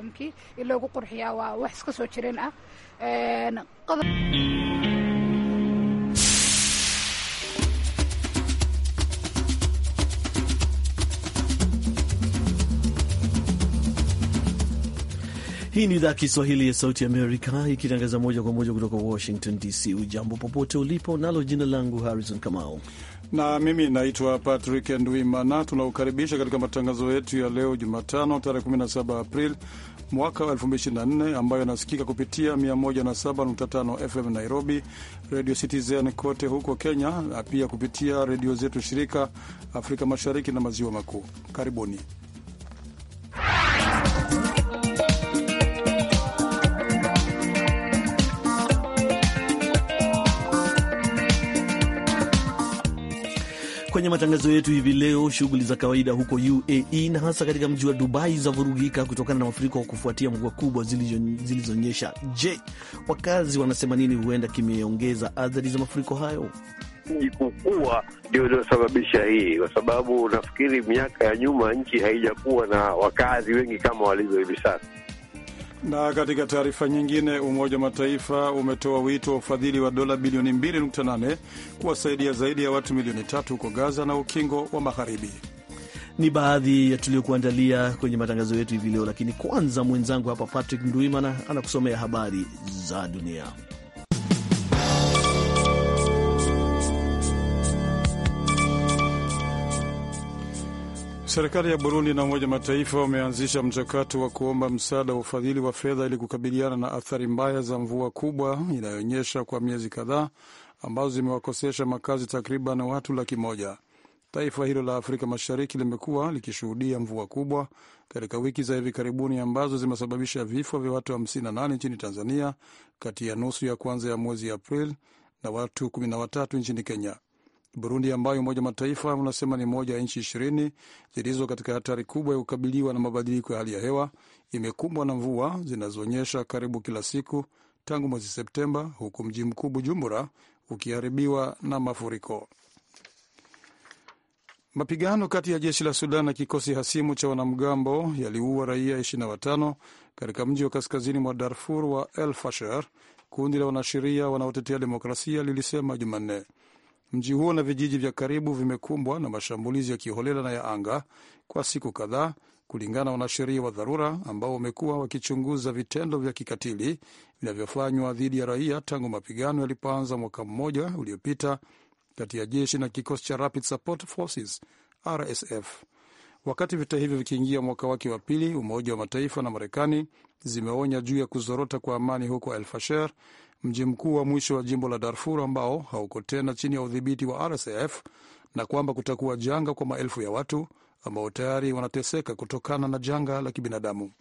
in loogu qurxiyaa waa wax iska soo jireen ah Hii ni idhaa Kiswahili ya Sauti Amerika ikitangaza moja kwa moja kutoka Washington DC. Ujambo popote ulipo, nalo jina langu Harrison Kamau na mimi naitwa Patrick Ndwimana. Tunakukaribisha katika matangazo yetu ya leo Jumatano tarehe 17 April mwaka wa 2024 ambayo yanasikika kupitia 107.5 FM Nairobi, Radio Citizen kote huko Kenya na pia kupitia redio zetu shirika Afrika Mashariki na Maziwa Makuu. Karibuni kwenye matangazo yetu hivi leo, shughuli za kawaida huko UAE na hasa katika mji wa Dubai zavurugika kutokana na mafuriko wa kufuatia mvua kubwa zilizonyesha. Je, wakazi wanasema nini? Huenda kimeongeza athari za mafuriko hayo kukua ndio iliyosababisha hii, kwa sababu nafikiri miaka ya nyuma nchi haijakuwa na wakazi wengi kama walivyo hivi sasa. Na katika taarifa nyingine, Umoja wa Mataifa umetoa wito wa ufadhili wa dola bilioni 2.8 kuwasaidia zaidi ya watu milioni tatu huko Gaza na Ukingo wa Magharibi. Ni baadhi ya tuliokuandalia kwenye matangazo yetu hivi leo, lakini kwanza mwenzangu hapa Patrick Ndwimana anakusomea habari za dunia. Serikali ya Burundi na Umoja Mataifa wameanzisha mchakato wa kuomba msaada wa ufadhili wa fedha ili kukabiliana na athari mbaya za mvua kubwa inayoonyesha kwa miezi kadhaa ambazo zimewakosesha makazi takriban watu laki moja. Taifa hilo la Afrika Mashariki limekuwa likishuhudia mvua kubwa katika wiki za hivi karibuni ambazo zimesababisha vifo vya watu 58 nchini Tanzania kati ya nusu ya kwanza ya mwezi Aprili na watu 13 nchini Kenya. Burundi ambayo Umoja wa Mataifa unasema ni moja ya nchi ishirini zilizo katika hatari kubwa ya kukabiliwa na mabadiliko ya hali ya hewa imekumbwa na mvua zinazoonyesha karibu kila siku tangu mwezi Septemba, huku mji mkuu Bujumbura ukiharibiwa na mafuriko. Mapigano kati ya jeshi la Sudan na kikosi hasimu cha wanamgambo yaliua raia 25 katika mji wa kaskazini mwa Darfur wa El Fasher, kundi la wanasheria wanaotetea demokrasia lilisema Jumanne. Mji huo na vijiji vya karibu vimekumbwa na mashambulizi ya kiholela na ya anga kwa siku kadhaa, kulingana na wanasheria wa dharura ambao wamekuwa wakichunguza vitendo vya kikatili vinavyofanywa dhidi ya raia tangu mapigano yalipoanza mwaka mmoja uliopita kati ya jeshi na kikosi cha Rapid Support Forces RSF. Wakati vita hivyo vikiingia mwaka wake wa pili, Umoja wa Mataifa na Marekani zimeonya juu ya kuzorota kwa amani huko El mji mkuu wa mwisho wa jimbo la Darfur ambao hauko tena chini ya udhibiti wa RSF na kwamba kutakuwa janga kwa maelfu ya watu ambao tayari wanateseka kutokana na janga la kibinadamu.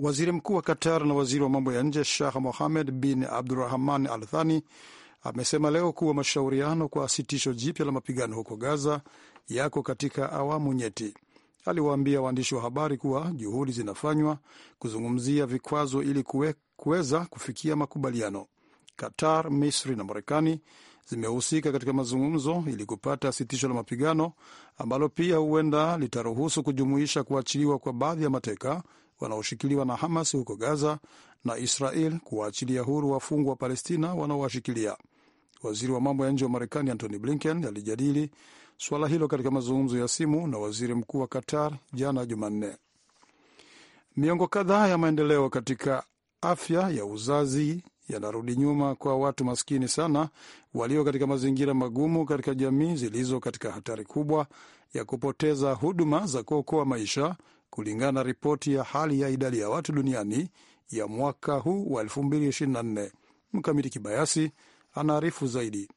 Waziri mkuu wa Qatar na waziri wa mambo ya nje Shah Mohamed bin Abdurahman Al Thani amesema leo kuwa mashauriano kwa sitisho jipya la mapigano huko Gaza yako katika awamu nyeti. Aliwaambia waandishi wa habari kuwa juhudi zinafanywa kuzungumzia vikwazo ili kuweza kufikia makubaliano. Qatar, Misri na Marekani zimehusika katika mazungumzo ili kupata sitisho la mapigano ambalo pia huenda litaruhusu kujumuisha kuachiliwa kwa baadhi ya mateka wanaoshikiliwa na Hamas huko Gaza na Israel kuwaachilia huru wafungwa wa Palestina wanaowashikilia. Waziri wa mambo ya nje wa Marekani Antony Blinken alijadili suala hilo katika mazungumzo ya simu na waziri mkuu wa Qatar jana Jumanne. Miongo kadhaa ya maendeleo katika afya ya uzazi yanarudi nyuma kwa watu maskini sana walio katika mazingira magumu katika jamii zilizo katika hatari kubwa ya kupoteza huduma za kuokoa maisha, kulingana na ripoti ya hali ya idadi ya watu duniani ya mwaka huu wa 2024. Mkamiti Kibayasi anaarifu zaidi.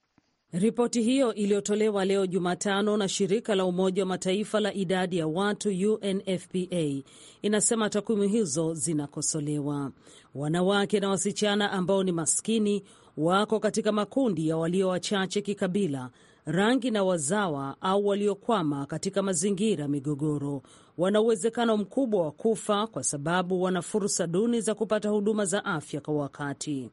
Ripoti hiyo iliyotolewa leo Jumatano na shirika la Umoja wa Mataifa la idadi ya watu UNFPA inasema takwimu hizo zinakosolewa wanawake na wasichana ambao ni maskini wako katika makundi ya walio wachache kikabila, rangi na wazawa au waliokwama katika mazingira migogoro. Wana uwezekano mkubwa wa kufa kwa sababu wana fursa duni za kupata huduma za afya kwa wakati.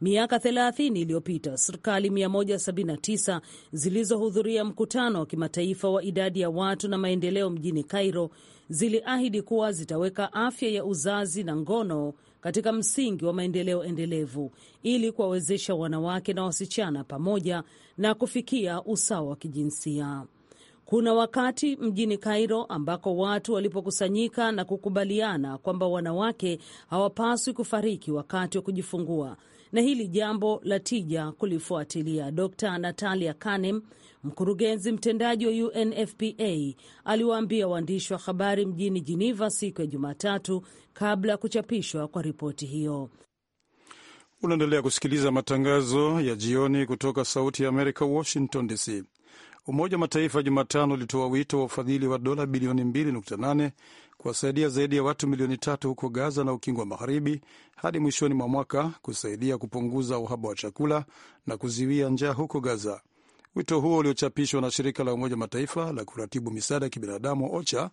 Miaka 30 iliyopita, serikali 179 zilizohudhuria mkutano wa kimataifa wa idadi ya watu na maendeleo mjini Cairo ziliahidi kuwa zitaweka afya ya uzazi na ngono katika msingi wa maendeleo endelevu ili kuwawezesha wanawake na wasichana pamoja na kufikia usawa wa kijinsia. Kuna wakati mjini cairo ambako watu walipokusanyika na kukubaliana kwamba wanawake hawapaswi kufariki wakati wa kujifungua, na hili jambo la tija kulifuatilia. Dr. Natalia Kanem Mkurugenzi mtendaji wa UNFPA aliwaambia waandishi wa habari mjini Jiniva siku ya Jumatatu kabla ya kuchapishwa kwa ripoti hiyo. Unaendelea kusikiliza matangazo ya jioni kutoka Sauti ya Amerika, Washington DC. Umoja wa Mataifa Jumatano ulitoa wito wa ufadhili wa dola bilioni 2.8 kuwasaidia zaidi ya watu milioni tatu huko Gaza na Ukingo wa Magharibi hadi mwishoni mwa mwaka kusaidia kupunguza uhaba wa chakula na kuziwia njaa huko Gaza. Wito huo uliochapishwa na shirika la Umoja Mataifa la kuratibu misaada ya kibinadamu OCHA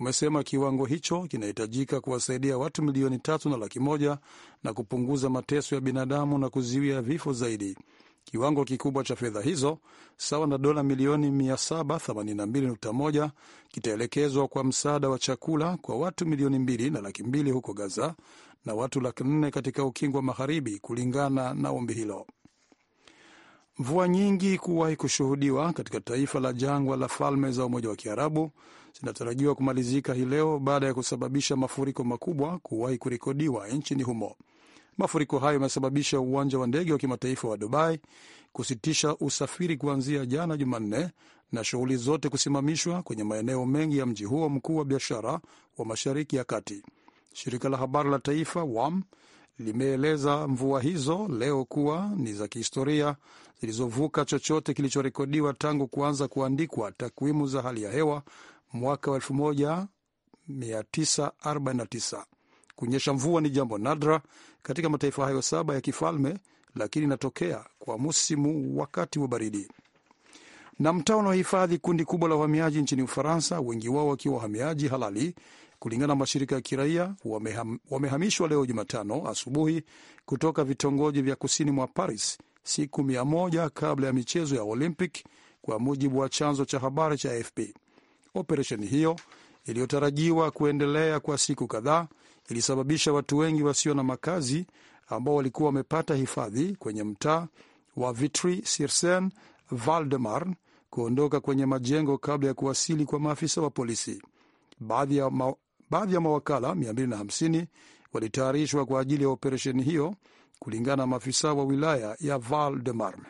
umesema kiwango hicho kinahitajika kuwasaidia watu milioni tatu na laki moja na kupunguza mateso ya binadamu na kuzuia vifo zaidi. Kiwango kikubwa cha fedha hizo sawa na dola milioni 782.1 kitaelekezwa kwa msaada wa chakula kwa watu milioni mbili na laki mbili huko Gaza na watu laki nne katika ukingo wa Magharibi, kulingana na ombi hilo. Mvua nyingi kuwahi kushuhudiwa katika taifa la jangwa la Falme za Umoja wa Kiarabu zinatarajiwa kumalizika hii leo baada ya kusababisha mafuriko makubwa kuwahi kurekodiwa nchini humo. Mafuriko hayo yamesababisha uwanja wa ndege wa kimataifa wa Dubai kusitisha usafiri kuanzia jana Jumanne na shughuli zote kusimamishwa kwenye maeneo mengi ya mji huo mkuu wa biashara wa Mashariki ya Kati. Shirika la habari la taifa WAM limeeleza mvua hizo leo kuwa ni za kihistoria zilizovuka chochote kilichorekodiwa tangu kuanza kuandikwa takwimu za hali ya hewa mwaka wa 1949. Kunyesha mvua ni jambo nadra katika mataifa hayo saba ya kifalme, lakini inatokea kwa musimu wakati wa baridi. Na mtaa unaohifadhi kundi kubwa la uhamiaji nchini Ufaransa, wengi wao wakiwa wahamiaji halali, kulingana na mashirika ya kiraia wameham, wamehamishwa leo Jumatano asubuhi kutoka vitongoji vya kusini mwa Paris siku mia moja kabla ya michezo ya Olympic, kwa mujibu wa chanzo cha habari cha AFP. Operesheni hiyo iliyotarajiwa kuendelea kwa siku kadhaa ilisababisha watu wengi wasio na makazi ambao walikuwa wamepata hifadhi kwenye mtaa wa Vitry sur Seine Val-de-Marne kuondoka kwenye majengo kabla ya kuwasili kwa maafisa wa polisi. Baadhi ya, Baadhi ya mawakala 250 walitayarishwa kwa ajili ya operesheni hiyo, kulingana na maafisa wa wilaya ya Val de Marne.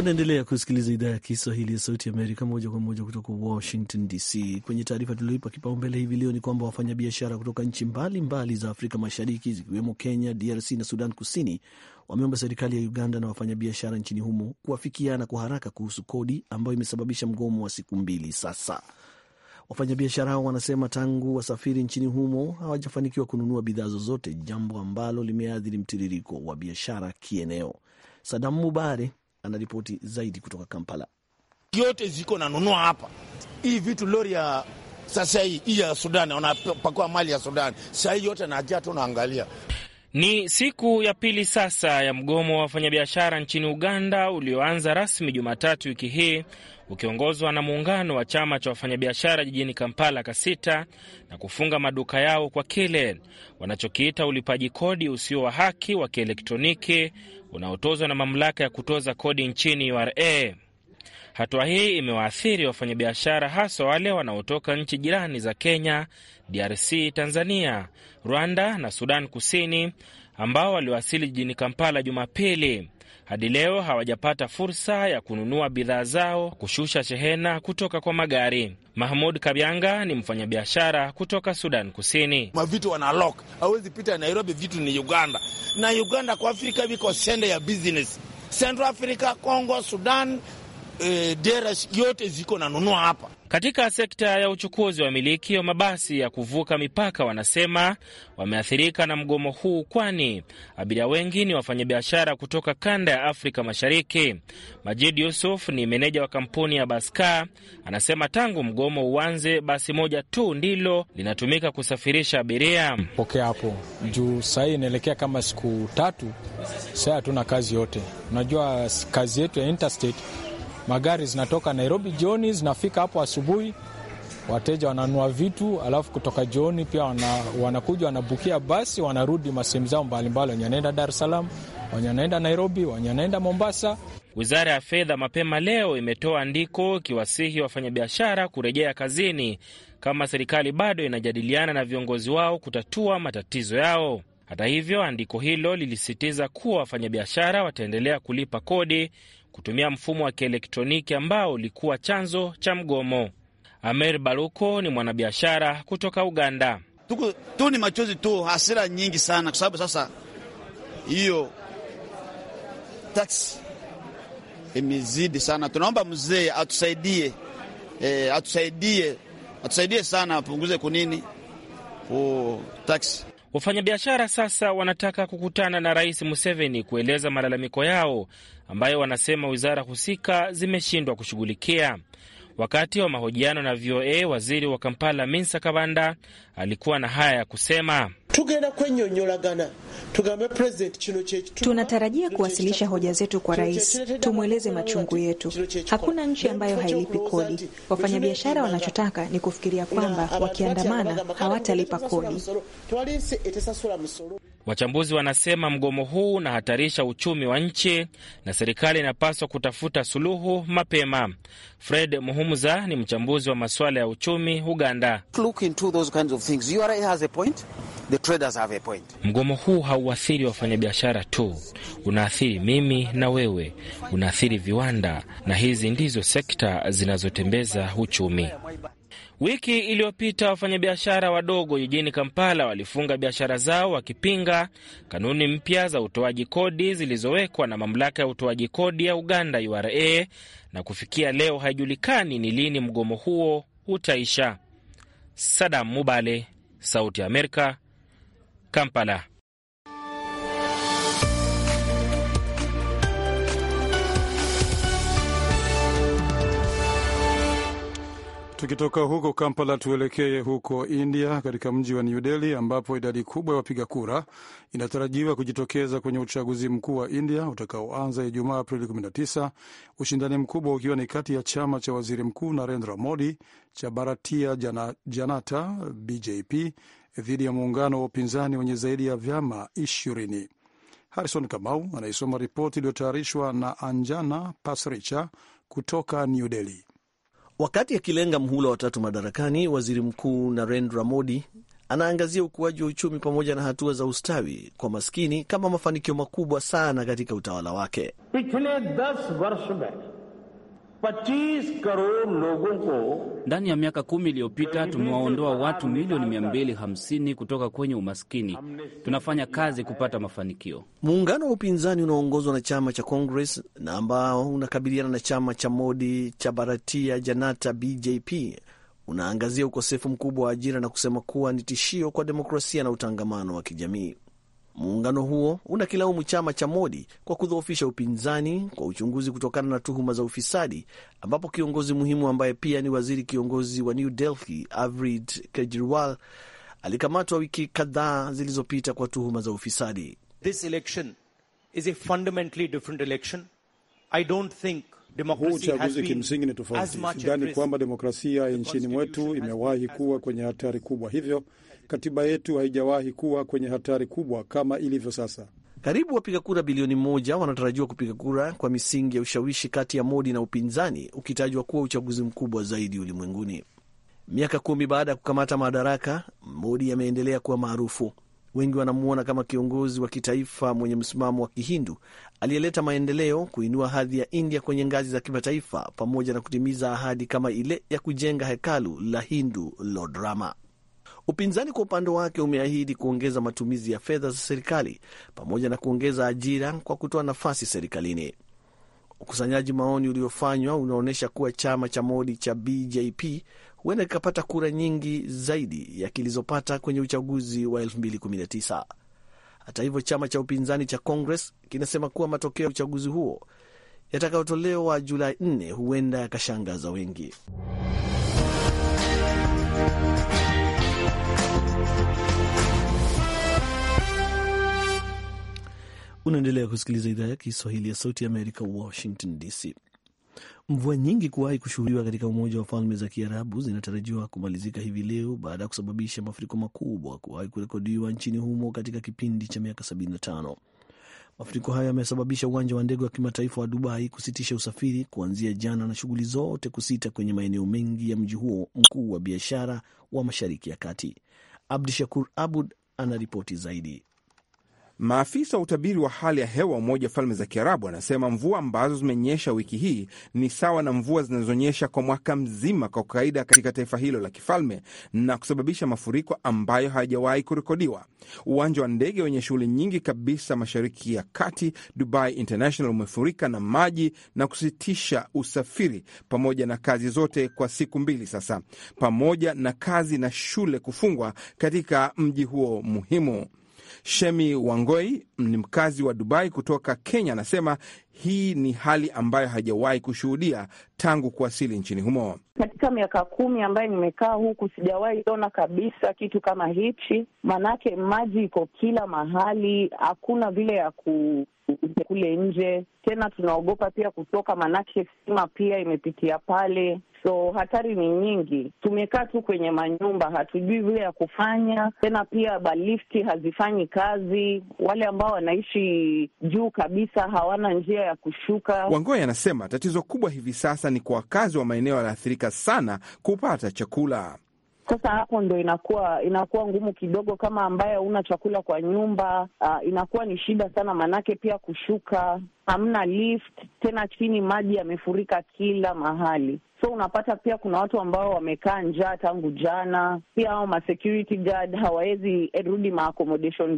Unaendelea kusikiliza idhaa ya Kiswahili ya Sauti ya Amerika moja kwa moja kutoka Washington DC. Kwenye taarifa tulioipa kipaumbele hivi leo ni kwamba wafanyabiashara kutoka nchi mbalimbali mbali za Afrika Mashariki zikiwemo Kenya, DRC na Sudan Kusini wameomba serikali ya Uganda na wafanyabiashara nchini humo kuafikiana kwa haraka kuhusu kodi ambayo imesababisha mgomo wa siku mbili sasa. Wafanyabiashara hao wanasema tangu wasafiri nchini humo hawajafanikiwa kununua bidhaa zozote, jambo ambalo limeathiri mtiririko wa biashara kieneo. Sadamu Mubare anaripoti zaidi kutoka Kampala. yote ziko nanunua hapa hii vitu lori ya sasa hii ya Sudani wanapakua mali ya Sudani sahii yote najaa tu naangalia ni siku ya pili sasa ya mgomo wa wafanyabiashara nchini Uganda ulioanza rasmi Jumatatu wiki hii ukiongozwa na muungano wa chama cha wafanyabiashara jijini Kampala Kasita na kufunga maduka yao kwa kile wanachokiita ulipaji kodi usio wa haki wa kielektroniki unaotozwa na mamlaka ya kutoza kodi nchini URA. Hatua hii imewaathiri wafanyabiashara haswa wale wanaotoka nchi jirani za Kenya DRC, Tanzania, Rwanda na Sudan Kusini ambao waliwasili jijini Kampala Jumapili hadi leo hawajapata fursa ya kununua bidhaa zao kushusha shehena kutoka kwa magari. Mahmud Kabyanga ni mfanyabiashara kutoka Sudan Kusini. mavitu lock, hawezi pita Nairobi, vitu ni Uganda na Uganda kwa Afrika viko sende ya business Central Africa, Congo, Sudan e, dera yote ziko nanunua hapa. Katika sekta ya uchukuzi, miliki wa mabasi ya kuvuka mipaka wanasema wameathirika na mgomo huu, kwani abiria wengi ni wafanyabiashara kutoka kanda ya Afrika Mashariki. Majid Yusuf ni meneja wa kampuni ya Baska, anasema tangu mgomo uanze, basi moja tu ndilo linatumika kusafirisha abiria. Pokea hapo juu sahii inaelekea kama siku tatu, saa hatuna kazi yote. Unajua kazi yetu ya interstate magari zinatoka Nairobi jioni zinafika hapo asubuhi, wateja wananua vitu, alafu kutoka jioni pia wana, wanakuja wanabukia basi wanarudi masehemu zao mbalimbali, wenye anaenda Dar es Salaam, wenye anaenda Nairobi, wenye anaenda Mombasa. Wizara ya Fedha mapema leo imetoa andiko ikiwasihi wafanyabiashara kurejea kazini kama serikali bado inajadiliana na viongozi wao kutatua matatizo yao. Hata hivyo, andiko hilo lilisisitiza kuwa wafanyabiashara wataendelea kulipa kodi kutumia mfumo wa kielektroniki ambao ulikuwa chanzo cha mgomo. Amer Baruko ni mwanabiashara kutoka Uganda. Tuku, tu ni machozi tu, hasira nyingi sana, kwa sababu sasa hiyo taksi imezidi sana. Tunaomba mzee atusaidie, e, atusaidie, atusaidie sana, apunguze kunini taksi. Wafanyabiashara sasa wanataka kukutana na Rais Museveni kueleza malalamiko yao ambayo wanasema wizara husika zimeshindwa kushughulikia. Wakati wa mahojiano na VOA, waziri wa Kampala Minsa Kabanda alikuwa na haya ya kusema. Tunatarajia kuwasilisha hoja zetu kwa rais, tumweleze machungu yetu. Hakuna nchi ambayo hailipi kodi. Wafanyabiashara wanachotaka ni kufikiria kwamba wakiandamana hawatalipa kodi. Wachambuzi wanasema mgomo huu unahatarisha uchumi wa nchi na serikali inapaswa kutafuta suluhu mapema. Fred Muhu Humza ni mchambuzi wa masuala ya uchumi Uganda. Mgomo huu hauathiri wafanyabiashara tu, unaathiri mimi na wewe, unaathiri viwanda, na hizi ndizo sekta zinazotembeza uchumi. Wiki iliyopita wafanyabiashara wadogo jijini Kampala walifunga biashara zao wakipinga kanuni mpya za utoaji kodi zilizowekwa na mamlaka ya utoaji kodi ya Uganda URA, na kufikia leo haijulikani ni lini mgomo huo utaisha. Sadam Mubale, Sauti ya Amerika, Kampala. Tukitoka huko Kampala tuelekee huko India, katika mji wa New Delhi ambapo idadi kubwa ya wapiga kura inatarajiwa kujitokeza kwenye uchaguzi mkuu wa India utakaoanza Ijumaa Aprili 19, ushindani mkubwa ukiwa ni kati ya chama cha waziri mkuu Narendra Modi cha Bharatiya Jana, Janata BJP dhidi ya muungano wa upinzani wenye zaidi ya vyama ishirini. Harrison Kamau anaisoma ripoti iliyotayarishwa na Anjana Pasricha kutoka New Delhi. Wakati akilenga mhula wa tatu madarakani, waziri mkuu Narendra Modi anaangazia ukuaji wa uchumi pamoja na hatua za ustawi kwa maskini kama mafanikio makubwa sana katika utawala wake. 25 ndani ya miaka kumi iliyopita tumewaondoa watu milioni 250 kutoka kwenye umaskini. Tunafanya kazi kupata mafanikio. Muungano wa upinzani unaoongozwa na chama cha Congress na ambao unakabiliana na chama cha Modi cha Bharatiya Janata BJP unaangazia ukosefu mkubwa wa ajira na kusema kuwa ni tishio kwa demokrasia na utangamano wa kijamii. Muungano huo unakilaumu chama cha Modi kwa kudhoofisha upinzani kwa uchunguzi kutokana na tuhuma za ufisadi, ambapo kiongozi muhimu ambaye pia ni waziri kiongozi wa New Delhi Arvind Kejriwal alikamatwa wiki kadhaa zilizopita kwa tuhuma za ufisadi. This election is a fundamentally different election. I don't think huu uchaguzi kimsingi ni tofauti. Sidhani kwamba demokrasia nchini mwetu imewahi kuwa kwenye hatari kubwa hivyo katiba yetu haijawahi kuwa kwenye hatari kubwa kama ilivyo sasa. Karibu wapiga kura bilioni moja wanatarajiwa kupiga kura kwa misingi ya ushawishi kati ya Modi na upinzani, ukitajwa kuwa uchaguzi mkubwa zaidi ulimwenguni. Miaka kumi baada ya kukamata madaraka, Modi ameendelea kuwa maarufu. Wengi wanamuona kama kiongozi wa kitaifa mwenye msimamo wa Kihindu aliyeleta maendeleo, kuinua hadhi ya India kwenye ngazi za kimataifa, pamoja na kutimiza ahadi kama ile ya kujenga hekalu la Hindu Lord Rama. Upinzani kwa upande wake umeahidi kuongeza matumizi ya fedha za serikali pamoja na kuongeza ajira kwa kutoa nafasi serikalini. Ukusanyaji maoni uliofanywa unaonyesha kuwa chama cha Modi cha BJP huenda kikapata kura nyingi zaidi ya kilizopata kwenye uchaguzi wa 2019. Hata hivyo, chama cha upinzani cha Congress kinasema kuwa matokeo ya uchaguzi huo yatakayotolewa Julai 4 huenda yakashangaza wengi. Unaendelea kusikiliza idhaa ya Kiswahili ya Sauti ya Amerika, Washington DC. Mvua nyingi kuwahi kushuhudiwa katika Umoja wa Falme za Kiarabu zinatarajiwa kumalizika hivi leo baada ya kusababisha mafuriko makubwa kuwahi kurekodiwa nchini humo katika kipindi cha miaka 75. Mafuriko hayo yamesababisha uwanja wa ndege wa kimataifa wa Dubai kusitisha usafiri kuanzia jana na shughuli zote kusita kwenye maeneo mengi ya mji huo mkuu wa biashara wa Mashariki ya Kati. Abdi Shakur Abud anaripoti zaidi. Maafisa wa utabiri wa hali ya hewa wa Umoja wa Falme za Kiarabu wanasema mvua ambazo zimenyesha wiki hii ni sawa na mvua zinazonyesha kwa mwaka mzima kwa kawaida katika taifa hilo la kifalme na kusababisha mafuriko ambayo hayajawahi kurekodiwa. Uwanja wa ndege wenye shughuli nyingi kabisa mashariki ya kati, Dubai International, umefurika na maji na kusitisha usafiri pamoja na kazi zote kwa siku mbili sasa, pamoja na kazi na shule kufungwa katika mji huo muhimu. Shemi Wangoi ni mkazi wa Dubai kutoka Kenya, anasema hii ni hali ambayo hajawahi kushuhudia tangu kuwasili nchini humo. Katika miaka kumi ambayo nimekaa huku sijawahi ona kabisa kitu kama hichi, maanake maji iko kila mahali, hakuna vile ya ku kule nje. Tena tunaogopa pia kutoka, manake stima pia imepitia pale, so hatari ni nyingi. Tumekaa tu kwenye manyumba, hatujui vile ya kufanya. Tena pia balifti hazifanyi kazi, wale ambao wanaishi juu kabisa hawana njia ya kushuka. Wangoi anasema tatizo kubwa hivi sasa ni kwa wakazi wa maeneo yanaathirika sana kupata chakula. Sasa hapo ndo inakuwa inakuwa ngumu kidogo, kama ambaye hauna chakula kwa nyumba uh, inakuwa ni shida sana, manake pia kushuka, hamna lift tena, chini maji yamefurika kila mahali. So unapata pia kuna watu ambao wamekaa njaa tangu jana, pia hao ma guard hawawezi rudi ma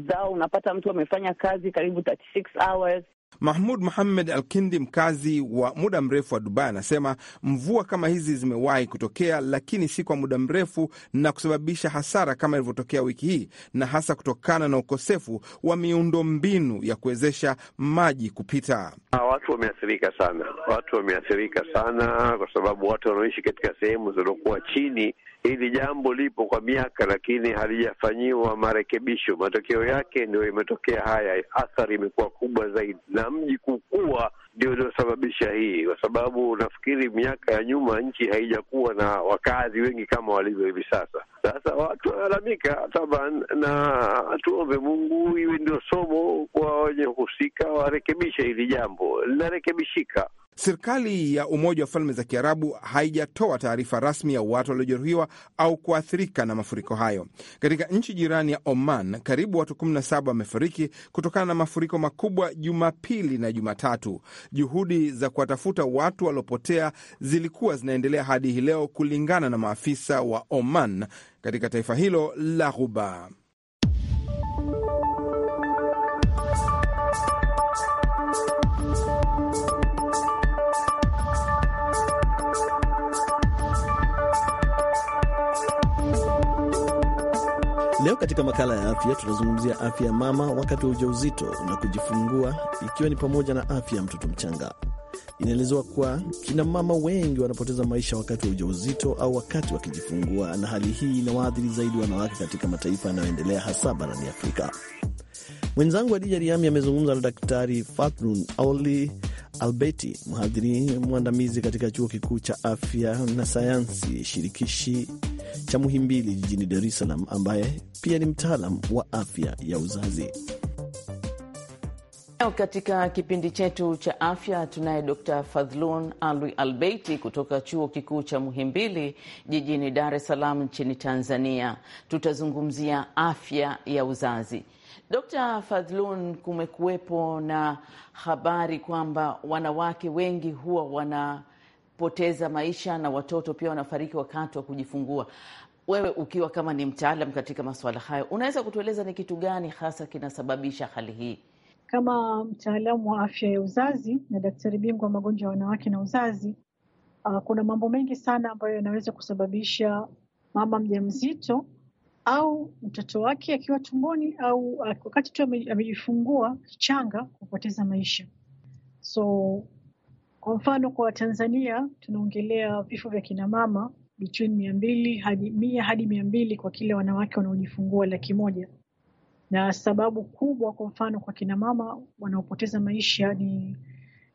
zao. Unapata mtu amefanya kazi karibu 36 hours, Mahmud Muhammed Al Kindi, mkazi wa muda mrefu wa Dubai, anasema mvua kama hizi zimewahi kutokea, lakini si kwa muda mrefu na kusababisha hasara kama ilivyotokea wiki hii, na hasa kutokana na ukosefu wa miundo mbinu ya kuwezesha maji kupita. Ha, ah, watu wameathirika sana, watu wameathirika sana kwa sababu watu wanaoishi katika sehemu zilizokuwa chini Hili jambo lipo kwa miaka, lakini halijafanyiwa marekebisho. Matokeo yake ndio imetokea haya, athari imekuwa kubwa zaidi, na mji kukua ndio iliosababisha hii, kwa sababu nafikiri miaka ya nyuma nchi haijakuwa na wakazi wengi kama walivyo hivi sasa. Sasa watu wanalalamika taban, na tuombe Mungu iwe ndio somo kwa wenye husika, warekebishe hili jambo, linarekebishika. Serikali ya Umoja wa Falme za Kiarabu haijatoa taarifa rasmi ya watu waliojeruhiwa au kuathirika na mafuriko hayo. Katika nchi jirani ya Oman, karibu watu 17 wamefariki kutokana na mafuriko makubwa Jumapili na Jumatatu. Juhudi za kuwatafuta watu waliopotea zilikuwa zinaendelea hadi hii leo, kulingana na maafisa wa Oman katika taifa hilo la Ghuba. Leo katika makala ya afya tunazungumzia afya ya mama wakati wa ujauzito na kujifungua, ikiwa ni pamoja na afya ya mtoto mchanga. Inaelezewa kuwa kina mama wengi wanapoteza maisha wakati wa ujauzito au wakati wakijifungua, na hali hii inawaathiri zaidi wanawake katika mataifa yanayoendelea, hasa barani Afrika. Mwenzangu Adija Riami amezungumza na Daktari Fatrun Auli Albeti, mhadhiri mwandamizi katika chuo kikuu cha afya na sayansi shirikishi cha Muhimbili jijini Dar es Salaam, ambaye pia ni mtaalam wa afya ya uzazi. Katika kipindi chetu cha afya tunaye Dr Fadhlun Alwi Albeiti kutoka chuo kikuu cha Muhimbili jijini Dar es Salaam nchini Tanzania. Tutazungumzia afya ya uzazi. Dr Fadhlun, kumekuwepo na habari kwamba wanawake wengi huwa wana kupoteza maisha na watoto pia wanafariki wakati wa kujifungua. Wewe ukiwa kama ni mtaalam katika masuala hayo, unaweza kutueleza ni kitu gani hasa kinasababisha hali hii? Kama mtaalamu wa afya ya uzazi na daktari bingwa wa magonjwa ya wanawake na uzazi, uh, kuna mambo mengi sana ambayo yanaweza kusababisha mama mjamzito au mtoto wake akiwa tumboni au ah, wakati tu amejifungua kichanga kupoteza maisha. So kwa mfano kwa Tanzania tunaongelea vifo vya kinamama between mia mbili hadi mia hadi mia mbili kwa kila wanawake wanaojifungua laki moja na sababu kubwa kwa mfano kwa kinamama wanaopoteza maisha ni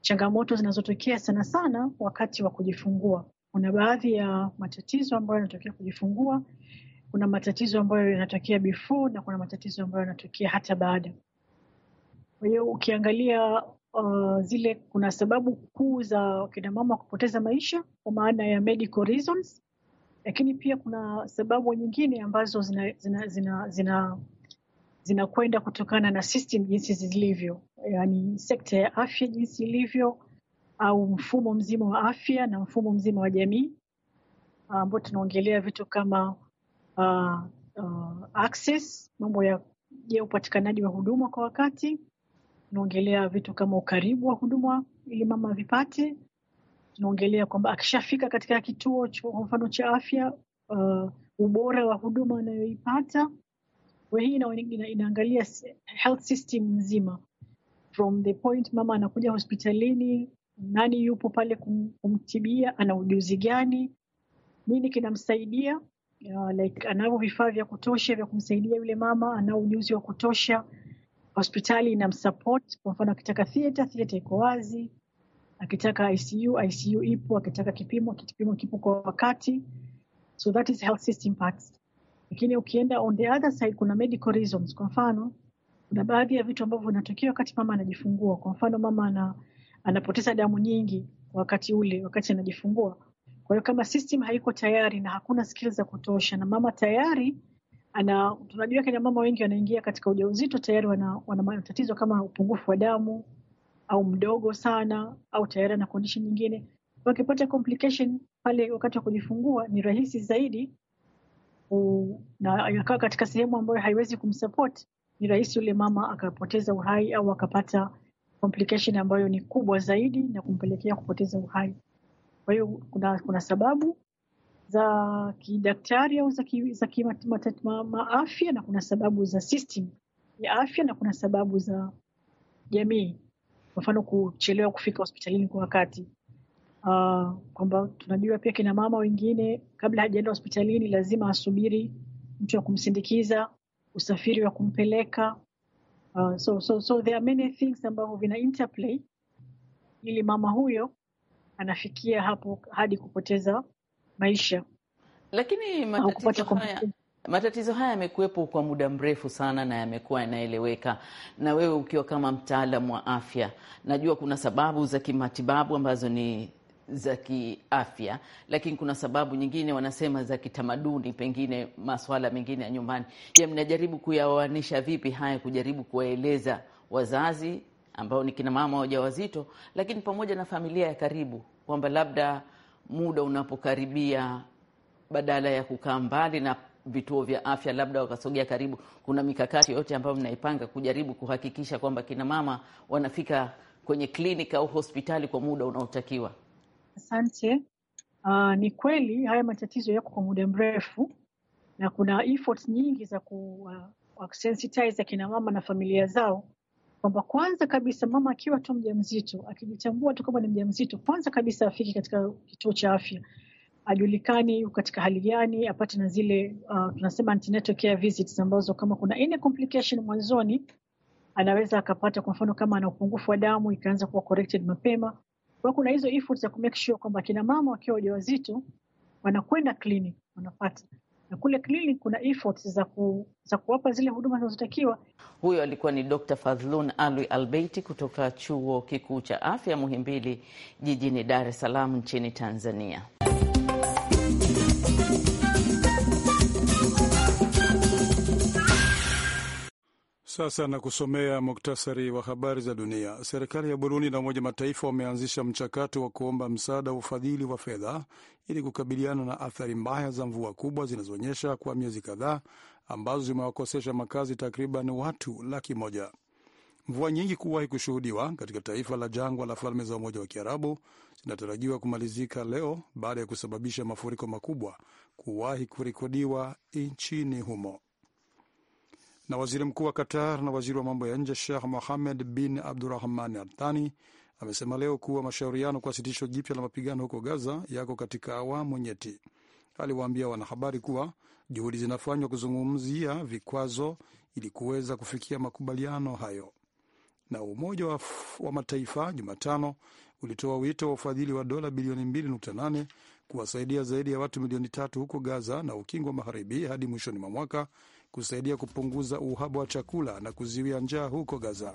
changamoto zinazotokea sana sana wakati wa kujifungua. Kuna baadhi ya matatizo ambayo yanatokea kujifungua, kuna matatizo ambayo yanatokea before na kuna matatizo ambayo yanatokea hata baada. Kwa hiyo ukiangalia uh, zile kuna sababu kuu za wakina mama kupoteza maisha kwa maana ya medical reasons, lakini pia kuna sababu nyingine ambazo zinakwenda zina, zina, zina, zina kutokana na system jinsi zilivyo, yani sekta ya afya jinsi ilivyo au mfumo mzima wa afya na mfumo mzima wa jamii ambao tunaongelea vitu kama uh, uh, access, mambo ya upatikanaji wa huduma kwa wakati tunaongelea vitu kama ukaribu wa huduma ili mama avipate. Tunaongelea kwamba akishafika katika kituo kwa mfano cha afya, uh, ubora wa huduma anayoipata. Kwa hii ina, inaangalia health system nzima from the point mama anakuja hospitalini, nani yupo pale kum, kumtibia, ana ujuzi gani, nini kinamsaidia uh, like anavyo vifaa vya kutosha vya kumsaidia yule mama, ana ujuzi wa kutosha hospitali ina msupport. Kwa mfano akitaka theater, theater iko wazi, akitaka ICU, ICU ipo, akitaka kipimo, kipimo kipo kwa wakati. So that is health system parts. Lakini ukienda on the other side, kuna medical reasons. Kwa mfano kuna baadhi ya vitu ambavyo vinatokea wakati mama anajifungua. Kwa mfano mama ana, anapoteza damu nyingi wakati ule, wakati anajifungua. Kwa hiyo kama system haiko tayari na hakuna skills za kutosha na mama tayari ana tunajua kina mama wengi wanaingia katika ujauzito tayari wana, wana matatizo kama upungufu wa damu au mdogo sana au tayari ana kondishi nyingine. Wakipata complication pale wakati wa kujifungua ni rahisi zaidi u, na akakaa katika sehemu ambayo haiwezi kumsupport, ni rahisi yule mama akapoteza uhai au akapata complication ambayo ni kubwa zaidi na kumpelekea kupoteza uhai. Kwa hiyo kuna, kuna sababu za kidaktari au za kimaafya, na kuna sababu za system ya afya na kuna sababu za jamii. Kwa mfano, kuchelewa kufika hospitalini kwa wakati uh, kwamba tunajua pia kina mama wengine kabla hajaenda hospitalini lazima asubiri mtu wa kumsindikiza, usafiri wa kumpeleka uh, so, so, so there are many things ambavyo vina interplay ili mama huyo anafikia hapo hadi kupoteza maisha lakini matatizo haya matatizo haya yamekuwepo kwa muda mrefu sana na yamekuwa yanaeleweka. Na wewe ukiwa kama mtaalamu wa afya, najua kuna sababu za kimatibabu ambazo ni za kiafya, lakini kuna sababu nyingine wanasema za kitamaduni, pengine maswala mengine ya nyumbani. Je, mnajaribu kuyaoanisha vipi haya, kujaribu kuwaeleza wazazi ambao ni kinamama wajawazito, lakini pamoja na familia ya karibu kwamba labda muda unapokaribia, badala ya kukaa mbali na vituo vya afya, labda wakasogea karibu. Kuna mikakati yote ambayo mnaipanga kujaribu kuhakikisha kwamba kina mama wanafika kwenye kliniki au hospitali kwa muda unaotakiwa? Asante. Uh, ni kweli haya matatizo yako kwa muda mrefu na kuna efforts nyingi za ku uh, sensitize akina mama na familia zao kwamba kwanza kabisa mama akiwa tu mja mzito akijitambua tu kwamba ni mja mzito kwanza kabisa afike katika kituo cha afya, ajulikane yuko katika hali gani, apate na zile uh, tunasema antenatal care visits ambazo kama kuna any complication mwanzoni anaweza akapata, kwa mfano kama ana upungufu wa damu ikaanza kuwa corrected mapema. Kwa kuna hizo efforts za kumake sure kwamba kina mama wakiwa wajawazito wanakwenda clinic wanapata na kule clinic kuna efforts za, ku, za kuwapa zile huduma zinazotakiwa. Huyo alikuwa ni Dr. Fadhlun Alwi Albeiti kutoka Chuo Kikuu cha Afya Muhimbili jijini Dar es Salaam nchini Tanzania. Sasa na kusomea muktasari wa habari za dunia. Serikali ya Burundi na Umoja Mataifa wameanzisha mchakato wa kuomba msaada wa ufadhili wa fedha ili kukabiliana na athari mbaya za mvua kubwa zinazoonyesha kwa miezi kadhaa ambazo zimewakosesha makazi takriban watu laki moja. Mvua nyingi kuwahi kushuhudiwa katika taifa la jangwa la Falme za Umoja wa Kiarabu zinatarajiwa kumalizika leo baada ya kusababisha mafuriko makubwa kuwahi kurekodiwa nchini humo na waziri mkuu wa Qatar na waziri wa mambo ya nje Sheikh Mohamed bin Abdurahman Al Thani amesema leo kuwa mashauriano kwa sitisho jipya la mapigano huko Gaza yako katika awamu nyeti. Aliwaambia wanahabari kuwa juhudi zinafanywa kuzungumzia vikwazo ili kuweza kufikia makubaliano hayo. Na Umoja wa, wa Mataifa Jumatano ulitoa wito wa ufadhili wa dola bilioni 2.8 kuwasaidia zaidi ya watu milioni tatu huko Gaza na Ukingo wa Magharibi hadi mwishoni mwa mwaka kusaidia kupunguza uhaba wa chakula na kuziwia njaa huko Gaza.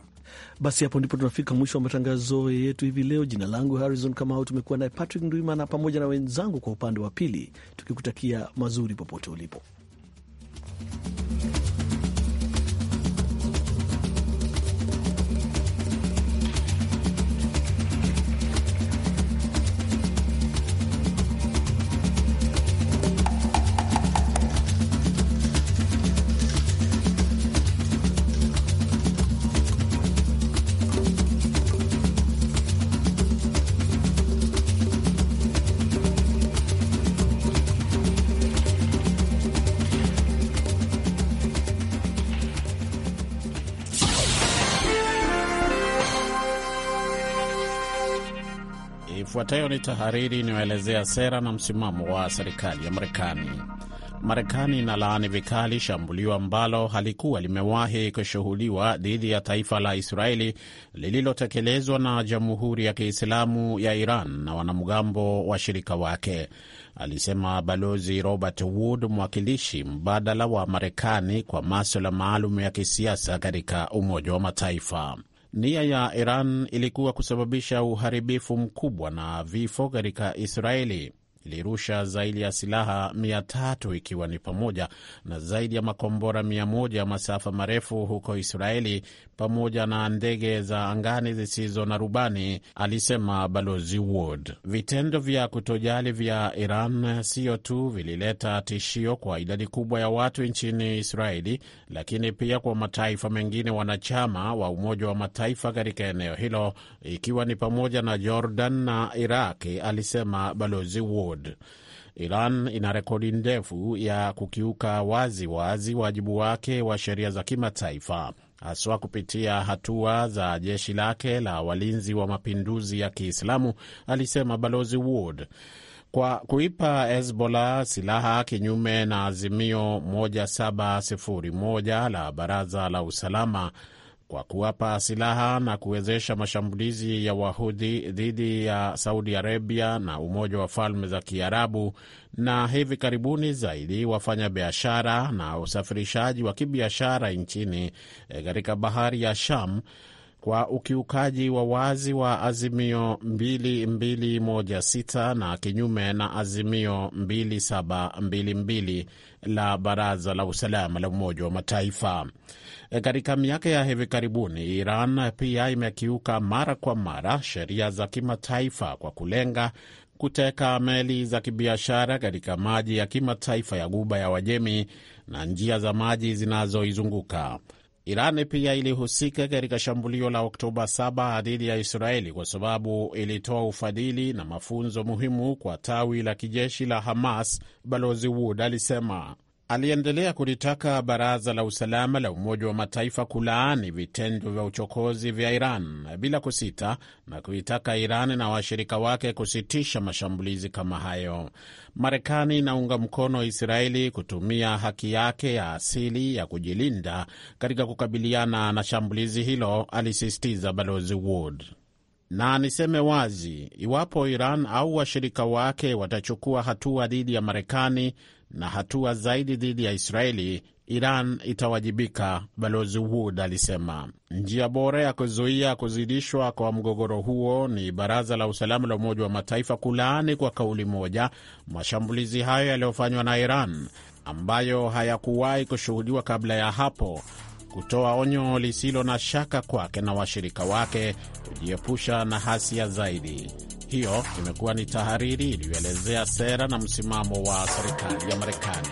Basi hapo ndipo tunafika mwisho wa matangazo yetu hivi leo. Jina langu Harrison Kamau, tumekuwa naye Patrick Ndwimana pamoja na wenzangu kwa upande wa pili, tukikutakia mazuri popote ulipo. ni tahariri inayoelezea sera na msimamo wa serikali ya Marekani. Marekani inalaani vikali shambulio ambalo halikuwa limewahi kushuhudiwa dhidi ya taifa la Israeli lililotekelezwa na Jamhuri ya Kiislamu ya Iran na wanamgambo washirika wake, alisema Balozi Robert Wood, mwakilishi mbadala wa Marekani kwa maswala maalum ya kisiasa katika Umoja wa Mataifa. Nia ya Iran ilikuwa kusababisha uharibifu mkubwa na vifo katika Israeli ilirusha zaidi ya silaha 300 ikiwa ni pamoja na zaidi ya makombora 1 ya masafa marefu huko Israeli pamoja na ndege za angani zisizo na rubani, alisema Balozi Wood. Vitendo vya kutojali vya Iran sio tu vilileta tishio kwa idadi kubwa ya watu nchini Israeli, lakini pia kwa mataifa mengine wanachama wa Umoja wa Mataifa katika eneo hilo, ikiwa ni pamoja na Jordan na iraq alisema Balozi Wood. Nord. Iran ina rekodi ndefu ya kukiuka wazi wazi wajibu wake wa sheria za kimataifa haswa kupitia hatua za jeshi lake la walinzi wa mapinduzi ya Kiislamu, alisema Balozi Wood. Kwa kuipa Hezbollah silaha kinyume na azimio 1701 la Baraza la Usalama kwa kuwapa silaha na kuwezesha mashambulizi ya Wahudhi dhidi ya Saudi Arabia na Umoja wa Falme za Kiarabu, na hivi karibuni zaidi wafanya biashara na usafirishaji wa kibiashara nchini eh, katika bahari ya Sham kwa ukiukaji wa wazi wa azimio 2216 na kinyume na azimio 2722 la Baraza la Usalama la Umoja wa Mataifa. E, katika miaka ya hivi karibuni, Iran pia imekiuka mara kwa mara sheria za kimataifa kwa kulenga kuteka meli za kibiashara katika maji ya kimataifa ya guba ya wajemi na njia za maji zinazoizunguka. Iran pia ilihusika katika shambulio la Oktoba 7 dhidi ya Israeli kwa sababu ilitoa ufadhili na mafunzo muhimu kwa tawi la kijeshi la Hamas, Balozi Wood alisema. Aliendelea kulitaka Baraza la Usalama la Umoja wa Mataifa kulaani vitendo vya uchokozi vya Iran bila kusita na kuitaka Iran na washirika wake kusitisha mashambulizi kama hayo. Marekani inaunga mkono Israeli kutumia haki yake ya asili ya kujilinda katika kukabiliana na shambulizi hilo, alisisitiza Balozi Wood. Na niseme wazi, iwapo Iran au washirika wake watachukua hatua dhidi ya Marekani na hatua zaidi dhidi ya Israeli, Iran itawajibika, Balozi Wood alisema. Njia bora ya kuzuia kuzidishwa kwa mgogoro huo ni Baraza la Usalama la Umoja wa Mataifa kulaani kwa kauli moja mashambulizi hayo yaliyofanywa na Iran ambayo hayakuwahi kushuhudiwa kabla ya hapo, kutoa onyo lisilo na shaka kwake na washirika wake kujiepusha na hasia zaidi. Hiyo imekuwa ni tahariri iliyoelezea sera na msimamo wa serikali ya Marekani.